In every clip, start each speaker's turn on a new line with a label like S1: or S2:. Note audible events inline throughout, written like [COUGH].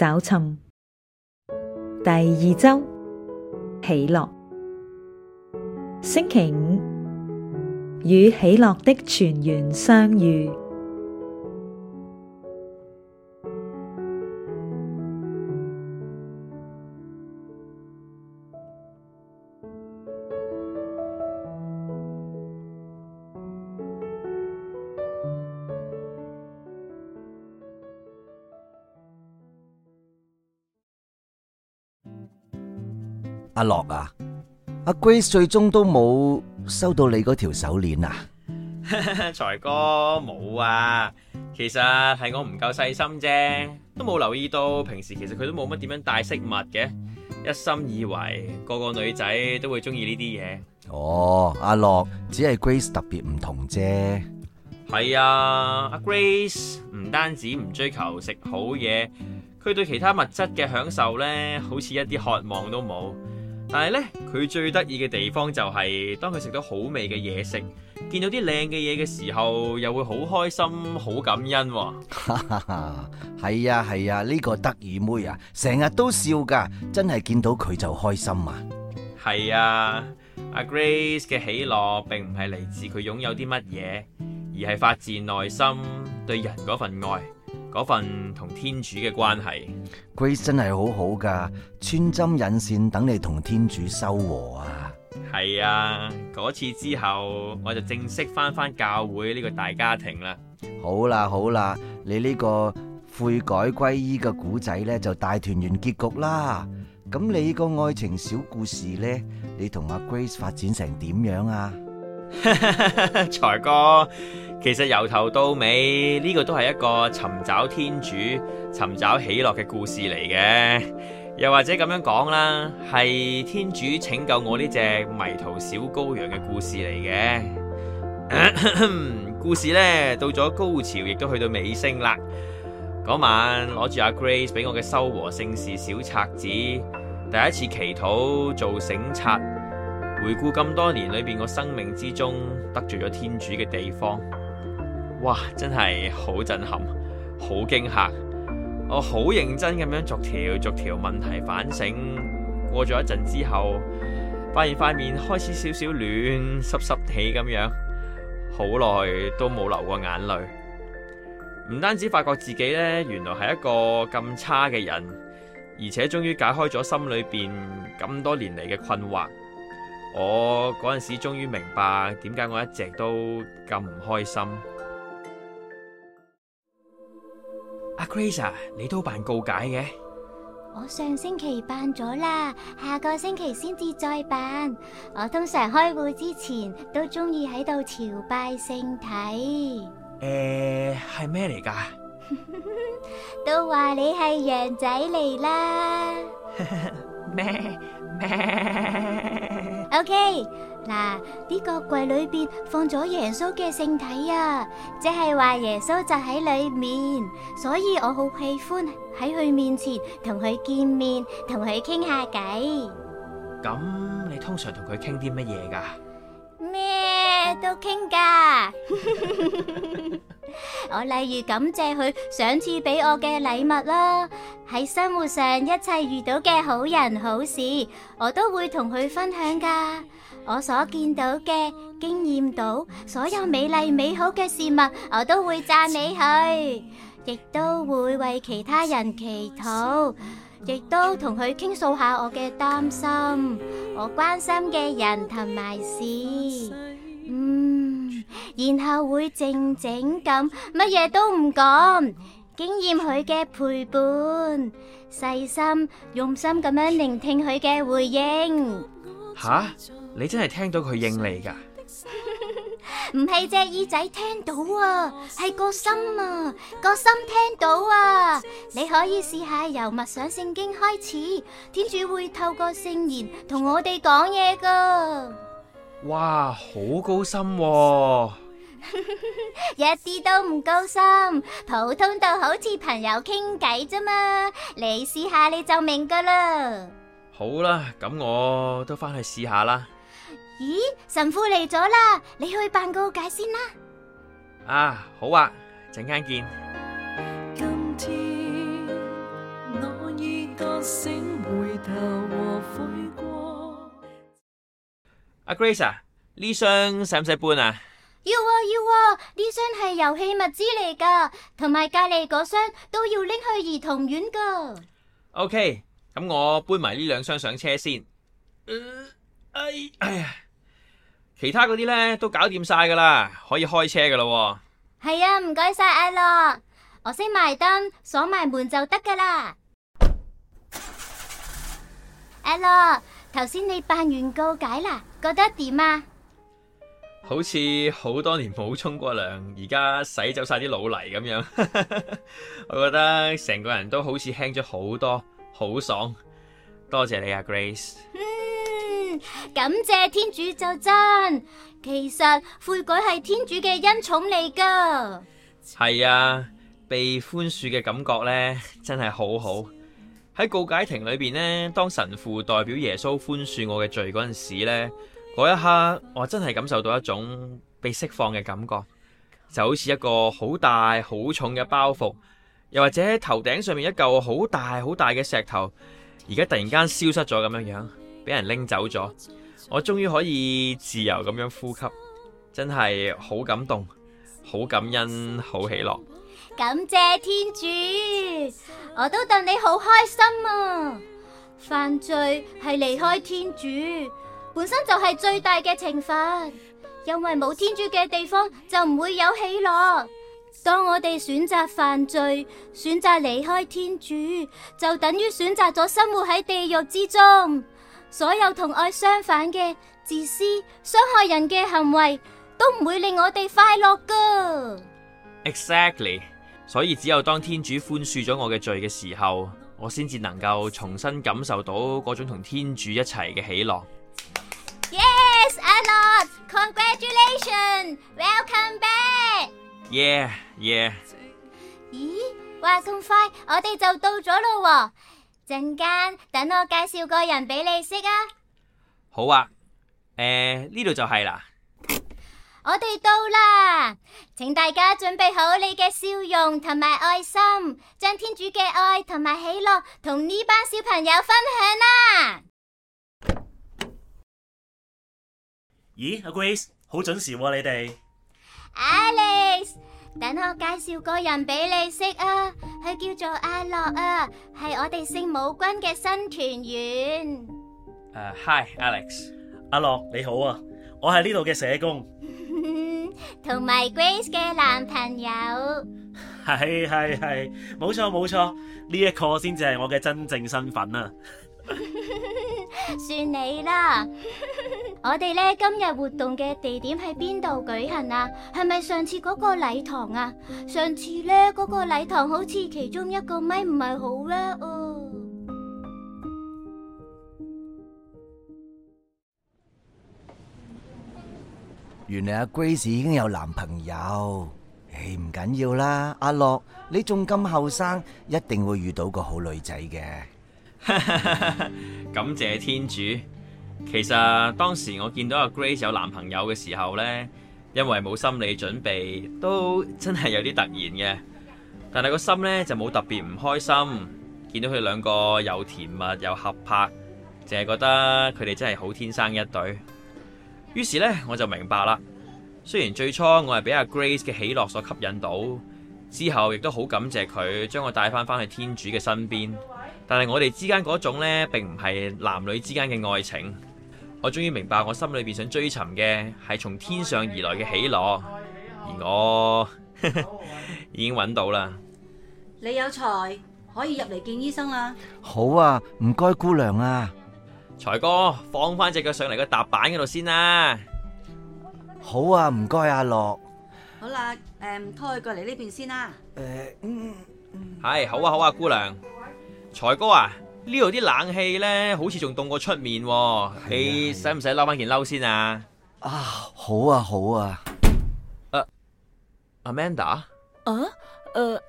S1: 找尋第二周喜樂，星期五與喜樂的泉源相遇。
S2: 阿樂啊，阿 Grace 最終都冇收到你嗰條手鏈啊？
S3: [LAUGHS] 財哥冇啊，其實係我唔夠細心啫，都冇留意到平時其實佢都冇乜點樣戴飾物嘅，一心以為個個女仔都會鍾意呢啲嘢。
S2: 哦，阿樂，只係 Grace 特別唔同啫。
S3: 係 [LAUGHS] 啊，阿、啊、Grace 唔單止唔追求食好嘢，佢對其他物質嘅享受呢，好似一啲渴望都冇。但係咧，佢最得意嘅地方就係、是，當佢食到好味嘅嘢食，見到啲靚嘅嘢嘅時候，又會好開心，好感恩、喎。哈
S2: 哈，係啊係啊，呢個得意妹啊，成日、啊這個、都笑噶，真係見到佢就開心啊。
S3: 係啊，阿 Grace 嘅喜樂並唔係嚟自佢擁有啲乜嘢，而係發自內心對人嗰份愛。嗰份同天主嘅關係
S2: ，Grace 真係好好噶，穿針引線等你同天主修和啊！
S3: 係啊，嗰次之後我就正式翻返教會呢個大家庭啦。
S2: 好啦好啦，你呢個悔改歸依嘅古仔呢，就大團圓結局啦。咁你個愛情小故事呢，你同阿 Grace 發展成點樣啊？
S3: [LAUGHS] 財哥，其實由頭到尾呢，這個都係一個尋找天主，尋找喜樂嘅故事嚟嘅。又或者咁樣講啦，係天主拯救我呢隻迷途小羔羊嘅故事嚟嘅咳咳。故事呢，到咗高潮，亦都去到尾聲啦。嗰晚攞住阿，啊，Grace 俾我嘅修和聖事小冊子，第一次祈禱做省察。回顧咁多年裏邊我生命之中得罪咗天主嘅地方，哇！真係好震撼，好驚嚇。我好認真咁樣逐條逐條問題反省，過咗一陣之後，發現塊面開始少少暖濕濕地咁樣，好耐都冇流過眼淚。唔單止發覺自己呢，原來係一個咁差嘅人，而且終於解開咗心裏邊咁多年嚟嘅困惑。我嗰陣時終於明白點解我一直都咁唔開心。阿 Grace，你都辦告解嘅？
S4: 我上星期辦咗喇，下個星期先至再辦。我通常開會之前都鍾意喺度朝拜聖體。誒、欸，
S3: 係咩嚟㗎？
S4: [LAUGHS] 都話你係羊仔嚟啦。
S3: 咩咩？ [LAUGHS]
S4: O.K. 嗱，呢個櫃裏邊放咗耶穌嘅聖體啊，即係話耶穌就喺裏面，所以我好喜歡喺佢面前同佢見面，同佢傾下偈。
S3: 咁你通常同佢傾啲乜嘢
S4: 㗎？咩都傾㗎， [LAUGHS] 我例如感謝佢上次俾我嘅禮物啦。喺生活上一切遇到嘅好人好事，我都會同佢分享㗎。我所見到嘅，經驗到所有美麗美好嘅事物，我都會讚美佢，亦都會為其他人祈禱，亦都同佢傾訴下我嘅擔心，我關心嘅人同埋事。嗯，然後會靜靜咁，乜嘢都唔講。經驗佢嘅陪伴，細心用心咁樣聆聽佢嘅回應。
S3: 吓，你真係聽到佢應你噶？
S4: 唔係隻耳仔聽到啊，係個心啊，個心聽到啊。你可以試下由默想聖經開始，天主會透過聖言同我哋講嘢噶。
S3: 哇，好高深喎。
S4: [LAUGHS] 一啲都唔高深，普通到好似朋友傾偈啫嘛，你試下你就明噶啦。
S3: 好啦，咁我都翻去試下啦。
S4: 咦，神父嚟咗啦，你去辦告解先啦。
S3: 啊，好啊，陣間見。
S4: 今天我已覺醒，回頭
S3: 無悔過。阿、啊、Grace 啊，呢箱使唔使搬啊？
S4: 要啊，要啊！呢箱係遊戲物資嚟噶，同埋隔籬嗰箱都要拎去兒童院噶。
S3: OK，咁我搬埋呢兩箱上車先。
S4: 哎哎呀，
S3: 其他嗰啲咧都搞掂晒噶啦，可以開車噶啦喎。
S4: 係啊，唔該晒阿樂，我熄埋燈，鎖埋門就得噶啦。阿樂，頭先你辦完告解啦，覺得點啊？
S3: 好似好多年冇沖過涼，而家洗走晒啲老泥咁樣， [LAUGHS] 我覺得成個人都好似輕咗好多，好爽！多謝你啊，Grace。
S4: 嗯，感謝天主就真。其實悔改係天主嘅恩寵嚟噶。
S3: 係啊，被寬恕嘅感覺呢，真係好好。喺告解亭裏邊呢，當神父代表耶穌寬恕我嘅罪嗰陣時呢。嗰一刻，我真係感受到一種被釋放嘅感覺，就好似一個好大好重嘅包袱，又或者頭頂上面一嚿好大好大嘅石頭，而家突然間消失咗咁樣樣，俾人拎走咗，我終於可以自由咁樣呼吸，真係好感動、好感恩、好喜樂。
S4: 感謝天主，我都戥你好開心啊！犯罪係離開天主。本身就係最大嘅懲罰，因為冇天主嘅地方就唔會有喜樂。當我哋選擇犯罪、選擇離開天主，就等於選擇咗生活喺地獄之中。所有同愛相反嘅自私、傷害人嘅行為，都唔會令我哋快樂㗎。
S3: Exactly，所以只有當天主寬恕咗我嘅罪嘅時候，我先至能夠重新感受到嗰種同天主一齊嘅喜樂。
S4: Congratulations! Welcome back. Yeah, yeah. 咦？話咁快，我哋就到咗咯喎。陣間等我介紹個人俾你識啊。
S3: 好啊。誒，呢度就係啦。
S4: 我哋到啦，請大家準備好你嘅笑容同埋愛心，將天主嘅愛同埋喜樂同呢班小朋友分享啦。
S2: 咦？阿 Grace？好準時喎，啊，你哋。
S4: Alex，等我介紹個人俾你識啊，佢叫做阿樂啊，係我哋聖母軍嘅新團員。
S3: 誒、uh，Hi，Alex，阿樂你好啊，我係呢度嘅社工，
S4: 同埋 [LAUGHS] Grace 嘅男朋友。
S2: 係係係，冇錯冇錯，呢一個先至係我嘅真正身份
S4: 啊。 [LAUGHS] 算你啦！我哋呢今日活動嘅地點喺邊度舉行啊？係咪上次嗰個禮堂啊？上次呢嗰個禮堂好似其中一個咪唔係好叻哦。
S2: 原來阿 Grace 已經有男朋友，誒唔緊要啦，阿樂你仲咁後生，一定會遇到個好女仔嘅。
S3: [LAUGHS] 感謝天主。其實當時我見到阿 Grace 有男朋友嘅時候呢，因為冇心理準備，都真係有啲突然嘅。但係個心呢，就冇特別唔開心，見到佢兩個又甜蜜又合拍，淨係覺得佢哋真係好天生一對。於是呢，我就明白啦。雖然最初我係俾阿 Grace 嘅喜樂所吸引到，之後亦都好感謝佢將我帶返返去天主嘅身邊。但係我哋之間嗰種咧，並唔係男女之間嘅愛情。我終於明白我心裏邊想追尋嘅係從天上而來嘅喜樂，而我 [LAUGHS] 已經揾到啦。
S1: 李有財可以入嚟見醫生啦。
S3: 好啊，唔該，姑娘啊。財哥，放翻隻腳上嚟個踏板嗰度先啦。好啊，唔該，阿樂。
S1: 好啦，誒，拖佢過嚟呢邊先
S3: 啦。誒，係，好啊，好啊，姑娘。.財哥啊，呢度啲冷氣咧，好似仲凍過出面，啊，你使唔使攞翻件褸先啊？ [NOISE] 啊，
S2: 好啊，好啊。誒、啊、
S3: Amanda
S1: 啊、呃。啊？誒，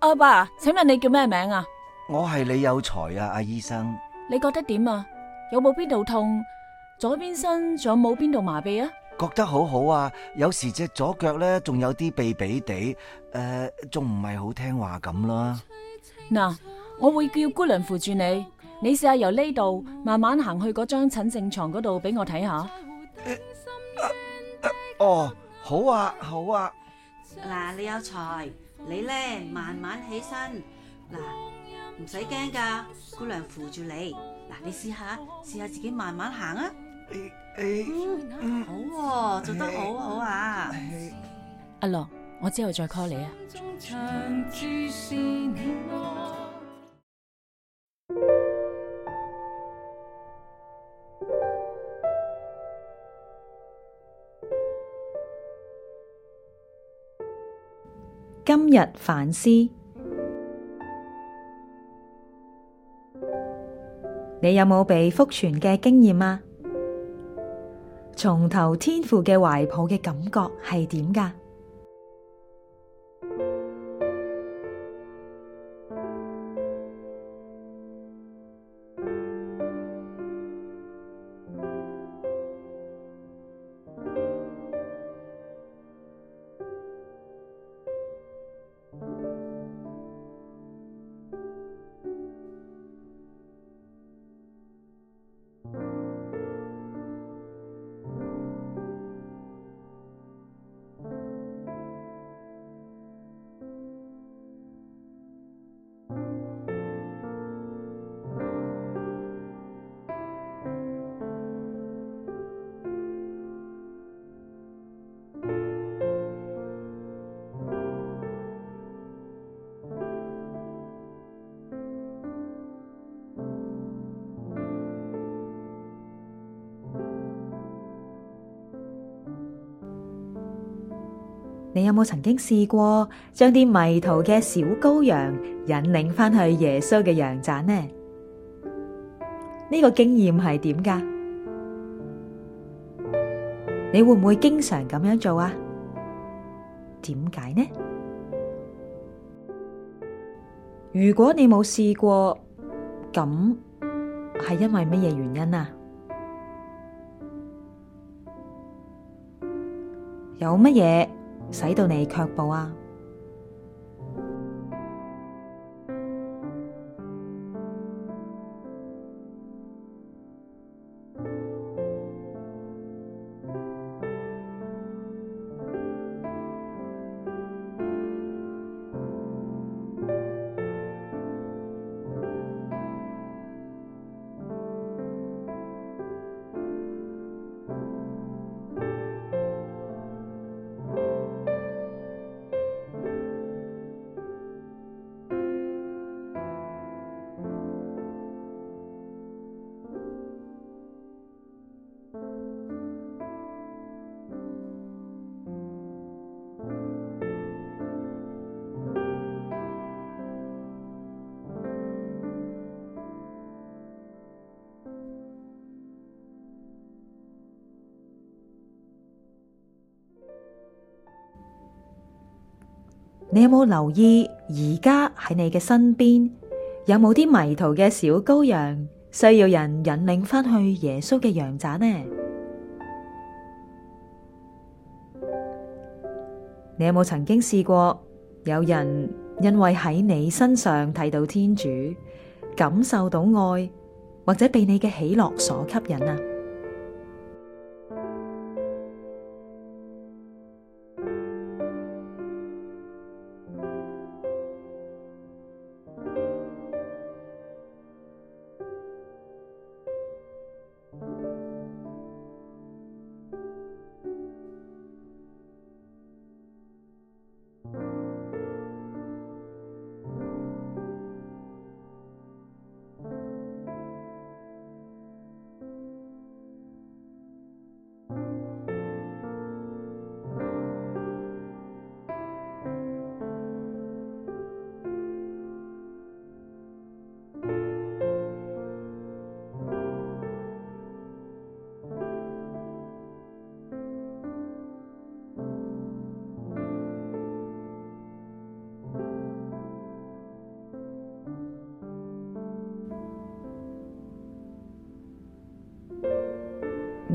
S1: 阿爸，請問你叫咩名啊？
S2: 我係李有才啊，阿、啊、醫生。
S1: 你覺得點啊？有冇邊度痛？左邊身仲有冇邊度麻痹啊？
S2: 覺得好好啊，有時隻左腳咧，仲有啲痹痹地，誒、呃，仲唔係好聽話咁啦。
S1: 嗱。 [NOISE] [NOISE] 我會叫姑娘扶住你，你試下由呢度慢慢行去嗰張診症床嗰度俾我睇下。
S2: 哦，好啊，好啊。
S1: 嗱，你有才，你咧，慢慢起身，嗱，唔使驚㗎，姑娘扶住你。嗱，你試下，試下自己慢慢行啊。嗯，好喎，做得好好啊。阿樂，我之後再 call 你啊。今日反思，你有冇被復傳嘅經驗啊？重投天父嘅懷抱嘅感覺係點噶？你有冇曾經試過將啲迷途嘅小羔羊引領返去耶穌嘅羊棧呢？呢個經驗係點㗎？你會唔會經常咁樣做啊？點解呢？如果你冇試過，咁係因為乜嘢原因啊？有乜嘢？使到你卻步啊！你有冇留意而家喺你嘅身邊有冇啲迷途嘅小羔羊需要人引領翻去耶穌嘅羊棧呢？你有冇曾經試過有人因為喺你身上睇到天主，感受到愛，或者被你嘅喜樂所吸引啊？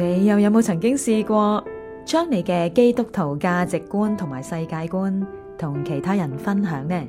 S1: 你又有冇曾經試過將你嘅基督徒價值觀同埋世界觀同其他人分享呢？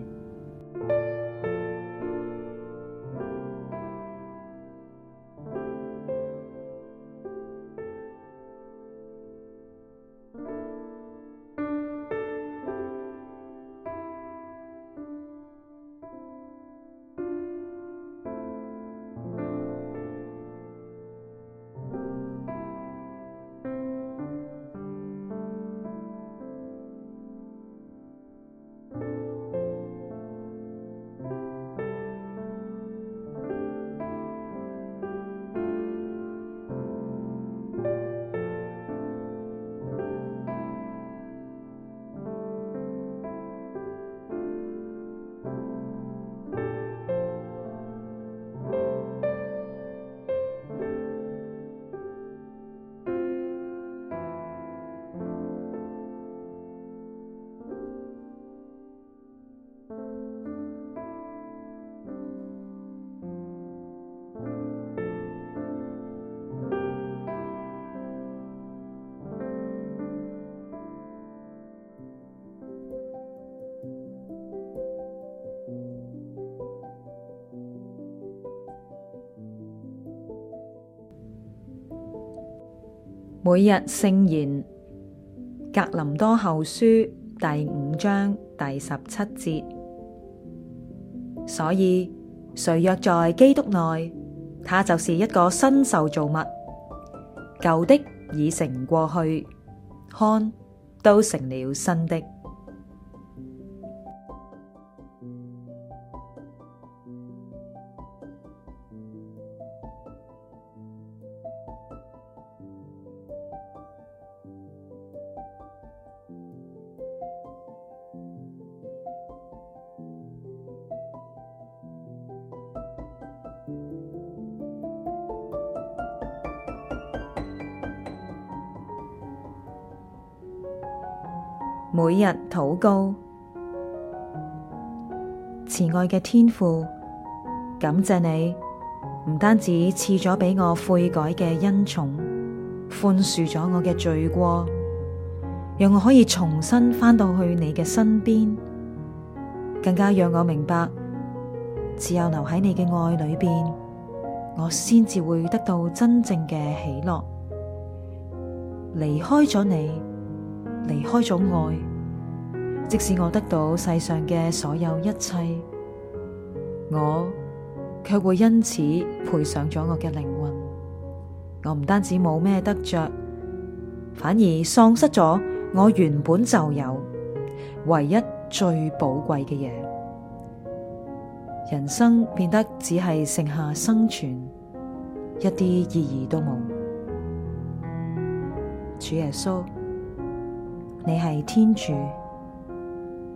S1: 每日聖言，格林多後書第五章第十七節。所以，誰若在基督內，他就是一個新受造物，舊的已成過去，看都成了新的。每日禱告，慈愛嘅天父，感謝你唔單止賜咗俾我悔改嘅恩寵，寬恕咗我嘅罪過，讓我可以重新返到去你嘅身邊，更加讓我明白，只有留喺你嘅愛裏邊，我先至會得到真正嘅喜樂。離開咗你。離開咗愛，即使我得到世上嘅所有一切，我卻會因此賠上咗我嘅靈魂。我唔單止冇咩得着，反而喪失咗我原本就有唯一最寶貴嘅嘢。人生變得只係剩下生存，一啲意義都冇。主耶穌，你係天主，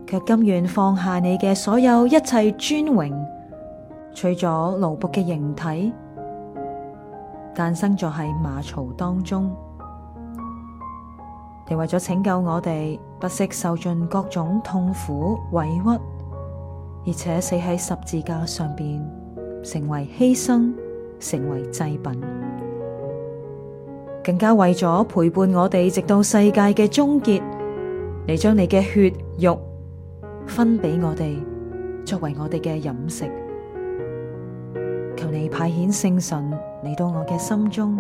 S1: 卻甘願放下你嘅所有一切尊榮，除咗奴僕嘅形體，誕生咗喺馬槽當中，你為咗拯救我哋，不惜受盡各種痛苦委屈，而且死喺十字架上邊，成為犧牲，成為祭品，更加為咗陪伴我哋直到世界嘅終結。你將你嘅血肉分俾我哋，作為我哋嘅飲食。求你派遣聖神嚟到我嘅心中，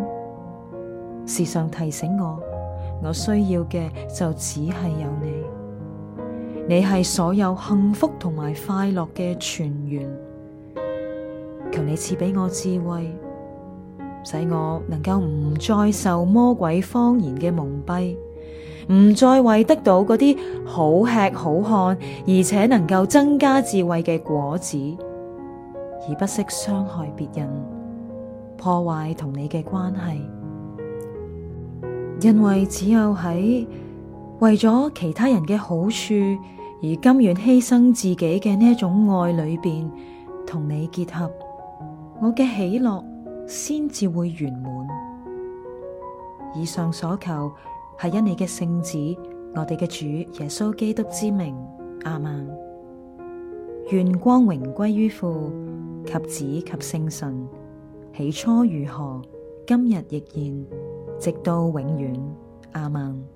S1: 時常提醒我，我需要嘅就只係有你。你係所有幸福同埋快樂嘅泉源。求你賜畀我智慧，使我能夠唔再受魔鬼謊言嘅蒙蔽。唔再為得到嗰啲好吃好看，而且能夠增加智慧嘅果子，而不惜傷害別人，破壞同你嘅關係。因為只有喺為咗其他人嘅好處而甘願犧牲自己嘅呢一種愛裏邊，同你結合，我嘅喜樂先至會圓滿。以上所求。係因你嘅聖子，我哋嘅主耶穌基督之名，阿門。願光榮歸於父及子及聖神，起初如何，今日亦然，直到永遠，阿門。